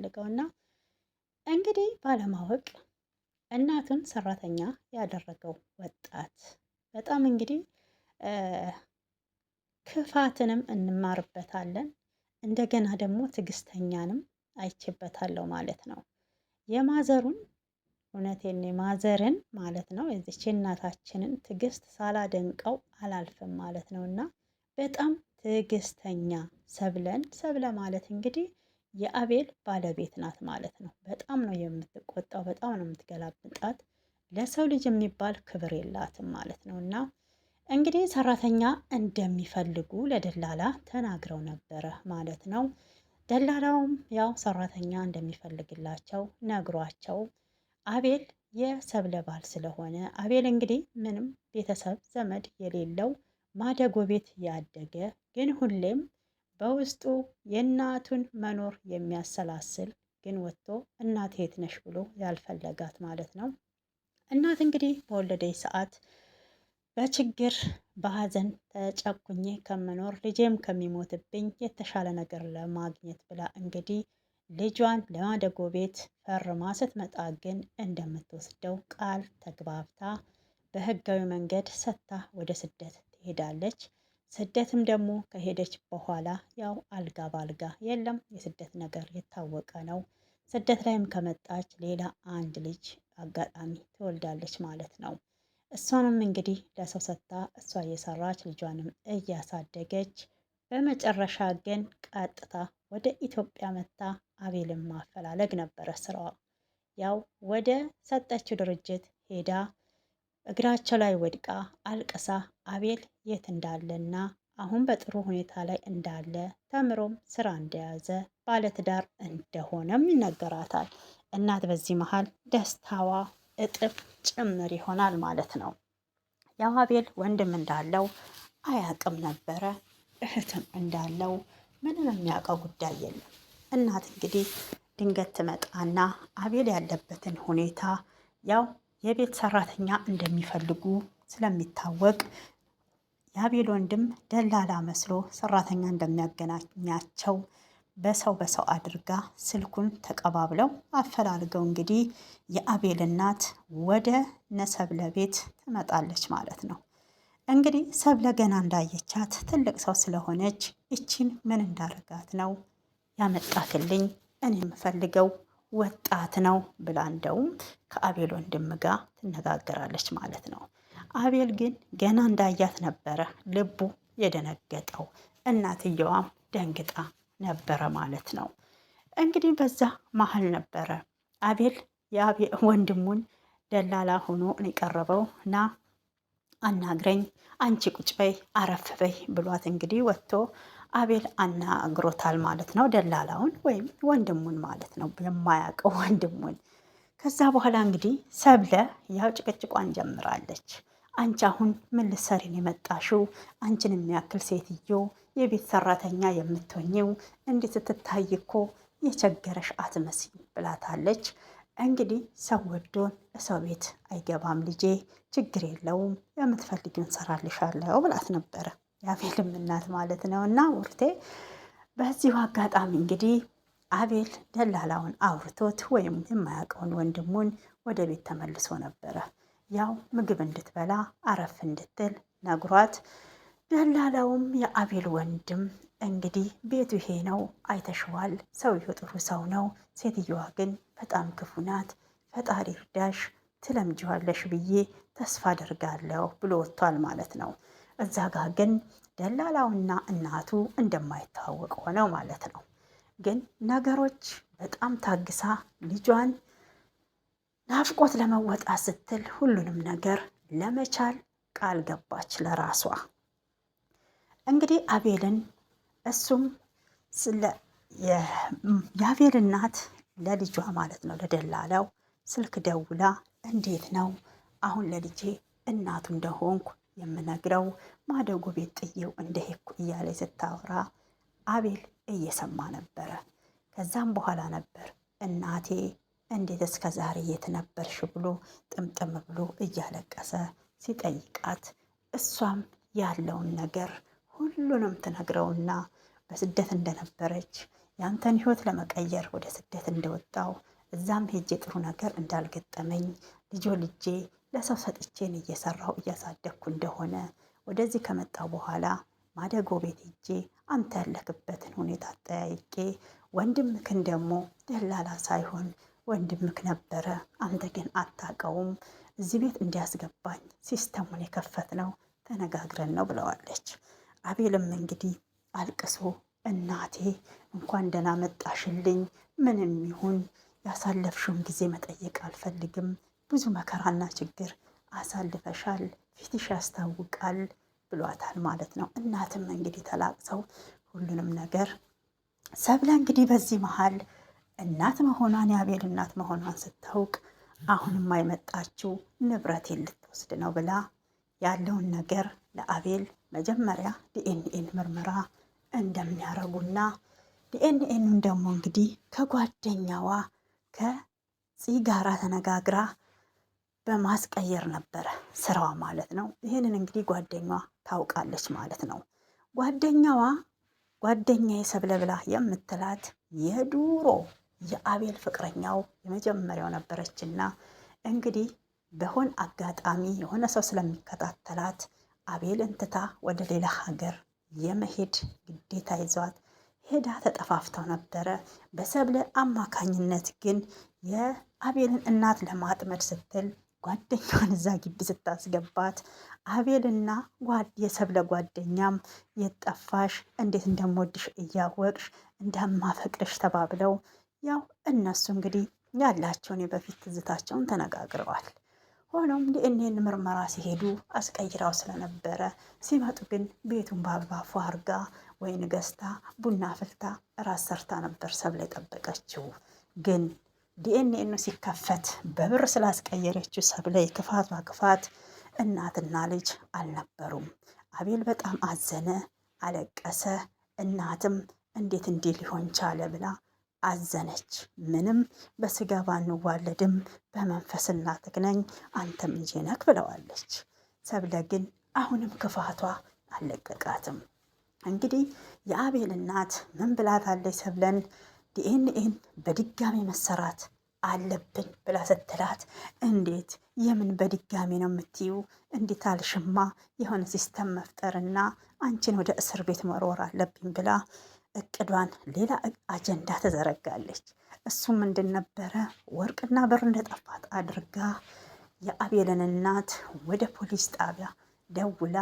የምፈልገው እና እንግዲህ ባለማወቅ እናቱን ሰራተኛ ያደረገው ወጣት በጣም እንግዲህ ክፋትንም እንማርበታለን። እንደገና ደግሞ ትዕግስተኛንም አይችበታለሁ ማለት ነው። የማዘሩን እውነቴን የማዘርን ማለት ነው የዚች እናታችንን ትዕግስት ሳላደንቀው አላልፍም ማለት ነው እና በጣም ትዕግስተኛ ሰብለን ሰብለ ማለት እንግዲህ የአቤል ባለቤት ናት ማለት ነው። በጣም ነው የምትቆጣው፣ በጣም ነው የምትገላብጣት። ለሰው ልጅ የሚባል ክብር የላትም ማለት ነው። እና እንግዲህ ሰራተኛ እንደሚፈልጉ ለደላላ ተናግረው ነበረ ማለት ነው። ደላላውም ያው ሰራተኛ እንደሚፈልግላቸው ነግሯቸው አቤል የሰብለ ባል ስለሆነ አቤል እንግዲህ ምንም ቤተሰብ ዘመድ የሌለው ማደጎ ቤት ያደገ ግን ሁሌም በውስጡ የእናቱን መኖር የሚያሰላስል ግን ወጥቶ እናት የት ነሽ ብሎ ያልፈለጋት ማለት ነው። እናት እንግዲህ በወለደች ሰዓት በችግር በሀዘን ተጨቁኜ ከመኖር ልጄም ከሚሞትብኝ የተሻለ ነገር ለማግኘት ብላ እንግዲህ ልጇን ለማደጎ ቤት ፈርማ ስትመጣ ግን እንደምትወስደው ቃል ተግባብታ በህጋዊ መንገድ ሰጥታ ወደ ስደት ትሄዳለች። ስደትም ደግሞ ከሄደች በኋላ ያው አልጋ ባልጋ የለም። የስደት ነገር የታወቀ ነው። ስደት ላይም ከመጣች ሌላ አንድ ልጅ አጋጣሚ ትወልዳለች ማለት ነው። እሷንም እንግዲህ ለሰው ሰጥታ እሷ እየሰራች ልጇንም እያሳደገች በመጨረሻ ግን ቀጥታ ወደ ኢትዮጵያ መታ አቤልን ማፈላለግ ነበረ ስራዋ። ያው ወደ ሰጠችው ድርጅት ሄዳ እግራቸው ላይ ወድቃ አልቅሳ አቤል የት እንዳለና አሁን በጥሩ ሁኔታ ላይ እንዳለ ተምሮም ስራ እንደያዘ ባለትዳር እንደሆነም ይነገራታል። እናት በዚህ መሀል ደስታዋ እጥፍ ጭምር ይሆናል ማለት ነው። ያው አቤል ወንድም እንዳለው አያቅም ነበረ፣ እህትም እንዳለው ምንም የሚያውቀው ጉዳይ የለም። እናት እንግዲህ ድንገት ትመጣና አቤል ያለበትን ሁኔታ ያው የቤት ሰራተኛ እንደሚፈልጉ ስለሚታወቅ የአቤል ወንድም ደላላ መስሎ ሰራተኛ እንደሚያገናኛቸው በሰው በሰው አድርጋ ስልኩን ተቀባብለው አፈላልገው እንግዲህ የአቤል እናት ወደ ነሰብለ ቤት ትመጣለች ማለት ነው። እንግዲህ ሰብለ ገና እንዳየቻት ትልቅ ሰው ስለሆነች ይችን ምን እንዳረጋት ነው ያመጣክልኝ እኔ የምፈልገው ወጣት ነው ብላ እንደውም ከአቤል ወንድም ጋር ትነጋገራለች ማለት ነው። አቤል ግን ገና እንዳያት ነበረ ልቡ የደነገጠው፣ እናትየዋም ደንግጣ ነበረ ማለት ነው። እንግዲህ በዛ መሀል ነበረ አቤል ወንድሙን ደላላ ሆኖ የቀረበው ና አናግረኝ፣ አንቺ ቁጭ በይ፣ አረፍ በይ ብሏት እንግዲህ ወጥቶ አቤል አናግሮታል ማለት ነው። ደላላውን ወይም ወንድሙን ማለት ነው፣ የማያውቀው ወንድሙን። ከዛ በኋላ እንግዲህ ሰብለ ያው ጭቅጭቋን ጀምራለች። አንቺ አሁን ምን ልትሰሪን የመጣሽው? አንቺን የሚያክል ሴትዮ የቤት ሰራተኛ የምትሆኝው እንዴት ስትታይ እኮ የቸገረሽ አትመስኝ ብላታለች። እንግዲህ ሰው ወዶን ሰው ቤት አይገባም ልጄ፣ ችግር የለውም የምትፈልጊውን ሰራልሻለሁ ብላት ነበረ የአቤልም እናት ማለት ነው። እና ውርቴ በዚሁ አጋጣሚ እንግዲህ አቤል ደላላውን አውርቶት ወይም የማያውቀውን ወንድሙን ወደ ቤት ተመልሶ ነበረ። ያው ምግብ እንድትበላ አረፍ እንድትል ነግሯት፣ ደላላውም የአቤል ወንድም እንግዲህ ቤቱ ይሄ ነው፣ አይተሽዋል። ሰውየው ጥሩ ሰው ነው፣ ሴትየዋ ግን በጣም ክፉ ናት። ፈጣሪ እርዳሽ፣ ትለምጂዋለሽ ብዬ ተስፋ አደርጋለሁ ብሎ ወጥቷል ማለት ነው። እዛ ግን ደላላውና እናቱ እንደማይተዋወቅ ሆነው ማለት ነው። ግን ነገሮች በጣም ታግሳ ልጇን ናፍቆት ለመወጣት ስትል ሁሉንም ነገር ለመቻል ቃል ገባች ለራሷ። እንግዲህ አቤልን እሱም የአቤል እናት ለልጇ ማለት ነው ለደላላው ስልክ ደውላ እንዴት ነው አሁን ለልጄ እናቱ እንደሆንኩ የምነግረው ማደጎ ቤት ጥዬው እንደ እያለ ስታወራ አቤል እየሰማ ነበረ። ከዛም በኋላ ነበር እናቴ እንዴት እስከ ዛሬ የት ነበርሽ ብሎ ጥምጥም ብሎ እያለቀሰ ሲጠይቃት እሷም ያለውን ነገር ሁሉንም ትነግረውና በስደት እንደነበረች ያንተን ሕይወት ለመቀየር ወደ ስደት እንደወጣው እዛም ሄጄ ጥሩ ነገር እንዳልገጠመኝ ልጆ ልጄ ለሰው ሰጥቼን እየሰራሁ እያሳደግኩ እንደሆነ ወደዚህ ከመጣ በኋላ ማደጎ ቤት ሄጄ አንተ ያለክበትን ሁኔታ አጠያይቄ ወንድምክን ደግሞ ደላላ ሳይሆን ወንድምክ ነበረ፣ አንተ ግን አታውቀውም፣ እዚህ ቤት እንዲያስገባኝ ሲስተሙን ነው ተነጋግረን ነው ብለዋለች። አቤልም እንግዲህ አልቅሶ እናቴ እንኳን ደህና መጣሽልኝ፣ ምንም ይሁን ያሳለፍሽውን ጊዜ መጠየቅ አልፈልግም ብዙ መከራና ችግር አሳልፈሻል፣ ፊትሽ ያስታውቃል ብሏታል ማለት ነው። እናትም እንግዲህ ተላቅሰው ሁሉንም ነገር ሰብለ እንግዲህ በዚህ መሀል እናት መሆኗን የአቤል እናት መሆኗን ስታውቅ አሁንም አይመጣችው ንብረቴን ልትወስድ ነው ብላ ያለውን ነገር ለአቤል መጀመሪያ ዲኤንኤን ምርመራ እንደሚያረጉና ዲኤንኤኑን ደግሞ እንግዲህ ከጓደኛዋ ከፂ ጋራ ተነጋግራ በማስቀየር ነበረ ስራዋ ማለት ነው። ይህንን እንግዲህ ጓደኛዋ ታውቃለች ማለት ነው። ጓደኛዋ ጓደኛዬ ሰብለ ብላ የምትላት የዱሮ የአቤል ፍቅረኛው የመጀመሪያው ነበረችና እንግዲህ በሆን አጋጣሚ የሆነ ሰው ስለሚከታተላት አቤል እንትታ ወደ ሌላ ሀገር የመሄድ ግዴታ ይዟት ሄዳ ተጠፋፍተው ነበረ። በሰብለ አማካኝነት ግን የአቤልን እናት ለማጥመድ ስትል ጓደኛዋን እዛ ግቢ ስታስገባት አቤልና የሰብለ ጓደኛም የጠፋሽ እንዴት እንደምወድሽ እያወቅሽ እንደማፈቅርሽ ተባብለው ያው እነሱ እንግዲህ ያላቸውን የበፊት ትዝታቸውን ተነጋግረዋል። ሆኖም ዲኤንኤን ምርመራ ሲሄዱ አስቀይራው ስለነበረ ሲመጡ ግን ቤቱን በአበባ አርጋ ወይን ገዝታ ቡና ፍልታ እራት ሰርታ ነበር ሰብለ የጠበቀችው ግን ዲኤንኤኑ ሲከፈት በብር ስላስቀየረችው ሰብለ የክፋቷ ክፋት እናትና ልጅ አልነበሩም። አቤል በጣም አዘነ፣ አለቀሰ። እናትም እንዴት እንዲህ ሊሆን ቻለ ብላ አዘነች። ምንም በስጋ ባንዋለድም በመንፈስ እናትህ ነኝ አንተም ልጄ ነህ ብለዋለች። ሰብለ ግን አሁንም ክፋቷ አልለቀቃትም። እንግዲህ የአቤል እናት ምን ብላታለች ሰብለን ዲኤንኤን በድጋሚ መሰራት አለብን ብላ ስትላት፣ እንዴት የምን በድጋሚ ነው የምትዩ? እንዴት አልሽማ የሆነ ሲስተም መፍጠርና አንቺን ወደ እስር ቤት መሮር አለብኝ ብላ እቅዷን ሌላ አጀንዳ ተዘረጋለች። እሱ ምንድን ነበረ? ወርቅና ብር እንደጠፋት አድርጋ የአቤልን እናት ወደ ፖሊስ ጣቢያ ደውላ